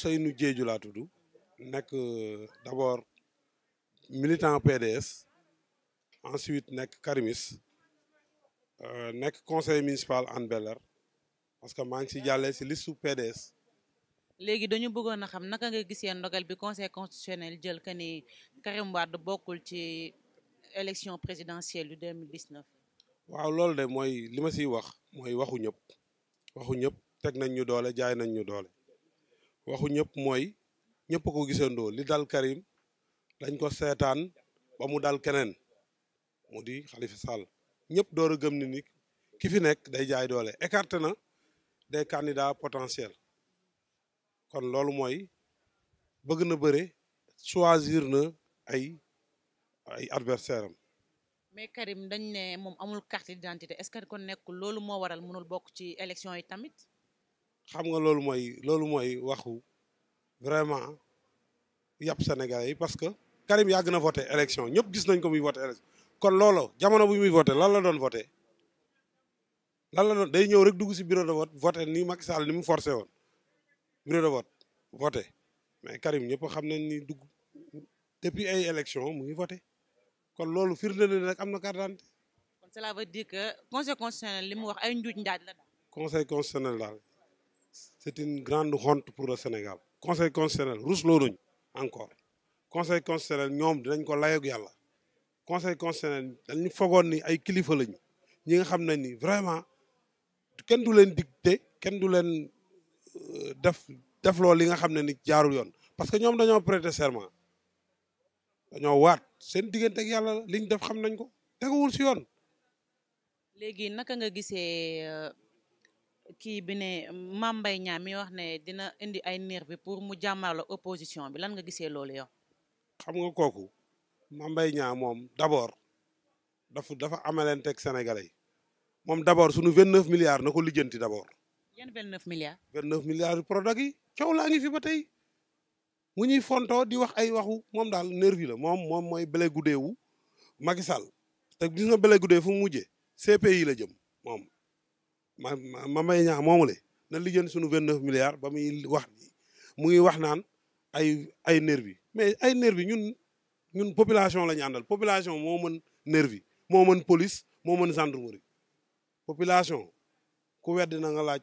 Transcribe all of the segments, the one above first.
Ousseynou Diédhiou la tudd nek euh, d'abord militant PDS ensuite nek Karimis euh, nek conseil municipal en bel parce que maa ngi si jàllee si listu PDS. légui dañu bëggona xam naka nga gisee ndogal bi conseil constitutionnel jël que ni Karim Wade bokul ci élection présidentielle du 2019. waaw loolu de moy lima ci wax moy waxu ñëpp waxu ñëpp teg nañ ñu doole jaay nañ ñu doole. waxu ñëpp mooy ñëpp ko gisandoo li dal Karim dañ ko seetaan ba mu dal keneen moo di Khalifa Sall ñëpp door a gëm ni ni ki fi nekk day jaay doole écarté na des candidats potentiels kon loolu mooy bëgg na bëre choisir na ay ay adversaire am mais Karim dañ ne moom amul carte d'identité est-ce que kon nekk loolu moo waral mënul bokk ci élection yi tamit xam nga loolu mooy loolu mooy waxu vraiment yàpp Sénégalais yi parce que Karim yàgg na voté élection ñëpp gis nañ ko muy voté élection kon loolu jamono bu muy voté lan la doon voté lan la doon day ñëw rek dugg si bureau de vote voté ni Macky Sall ni mu forcé woon bureau de vote voté mais Karim ñëpp xam nañ ni dugg depuis ay élection mu ngi voté kon loolu firnde na nag am na carte d'identité. kon cela veut dire que conseil constitutionnel li mu wax ay njuuj njaaj la daal. conseil constitutionnel daal c'est une grande honte pour le Sénégal conseil constitutionnel rusloo nañu encore conseil constitutionnel ñoom dinañ ko layoog yàlla conseil constitutionnel dañu fogoon ni ay kilifa lañu ñi nga xam ne ni vraiment kenn du leen dicter, kenn du leen euh, def def loolu li nga xam ne ni jaarul yoon parce que ñom dañoo prêter serment dañoo waat seen diggante ak yalla liñ def xam nañ ko teguwul ci yoon léegi naka nga gisee euh, qui bi Mambay Mame Niang mi wax ne dina indi ay nerf pour mu jàmmarloo opposition bi lan nga gissé loolu yow. xam nga kooku Mambay Mbaye Niang moom d'abord dafa dafa amalanteeg Sénégalais mom d'abord sunu 29 milliards nako lijeenti d'abord. 29 milliards. 29 milliards yu Prodac yi coow ngi fi batay mu ñuy fonto di wax ay waxu mom dal nervi la mom mom moy blé goudé wu Macky Sall té gis nga blé goudé fu mujjé CPI la jëm mom ma ma may ñaa moomule na lijjën suñu vingt neuf milliards ba muy wax mu ngi wax naan ay ay nervi mais ay nervi ñun ñun population la ñu àndal population moo mën nervi moo mën police moo mën gendarmerie population ku wedd na nga laaj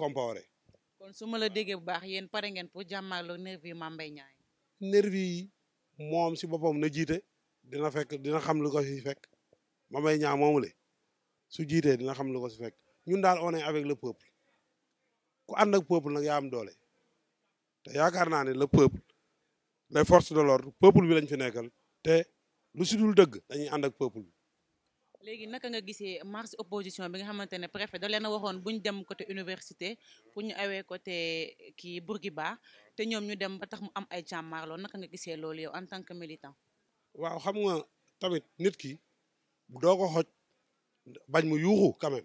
compaoré kon su ma la déggee bu baax yéen pare ngeen pour jàmmaarloo nervi yi Mame Mbaye Niang nervi yi moom si boppam na jiite dina fekk dina xam lu ko si fekk Mame Mbaye Niang moomu le su jiitee dina xam lu ko si fekk ñun daal on est avec le peuple ku ànd ak peuple nag yaa am doole te yaakaar naa ne le peuple les forces de l'ordre peuple bi lañ fi nekkal te lu si dul dëgg dañuy ànd ak peuple léegi naka nga gisee marche opposition bi nga xamante ne préfet da leen a waxoon bu ñu dem côté université pour ñu awee côté kii Bourguiba te ñoom ñu dem ba tax mu am ay càmmaarloo naka nga gisee loolu yow en tant que militant. waaw xam nga tamit nit ki doo ko bañ mu yuuxu quand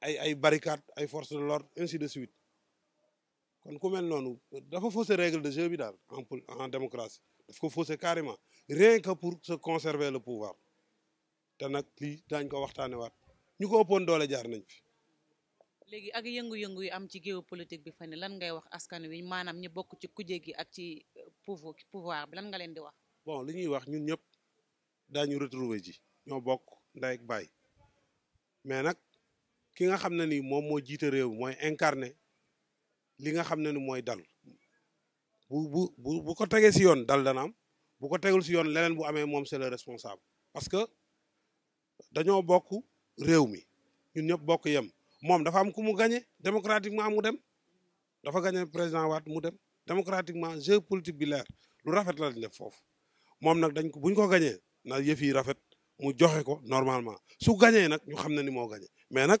ay ay barricade ay force de l'ordre ainsi de suite kon ku mel noonu dafa fausser règle de jeu bi dal en en démocratie daf ko fausser carrément rien que pour se conserver le pouvoir té nak li dañ ko waxtane wat ñu ko ëppoon doole jaar nañ fi légui ak yëngu-yëngu yi am ci géopolitique bi fane lan ngay wax askan wi manam ñi bokku ci kujé gi ak ci euh, pouvoir bi lan nga leen di wax bon li ñuy wax ñun ñëpp dañu retrouver ji ñoo bokk nday ak bay mais nak ki nga xam ne ni moom moo jiite réew mooy incarné li nga xam ne ni mooy dal bu bu bu bu ko tegee si yoon dal dana am bu ko tegul si yoon leneen bu amee moom c'est le responsable parce que dañoo bokk réew mi ñun ñëpp bokk yem moom dafa am ku mu gagné démocratiquement mu dem dafa gagné président waat mu dem démocratiquement jeu politique bi leer lu rafet la lañ def foofu moom nag dañ ko buñ ko gañee na yëf rafet mu joxe ko normalement su gañee nag ñu xam ne ni moo gagné mais nag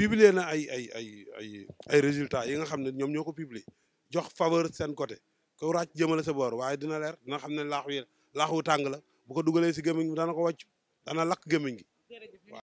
publier na ay ay ay ay ay nga xam ne ñoom ñoo ko publier jox faveur seen côté ko ràcc jëmale sa boor waaye dina leer dina xam ne laax wi laax wu tàng la bu ko dugalee si gémmiñ bi dana ko wàcc dana lakk gémmiñ gi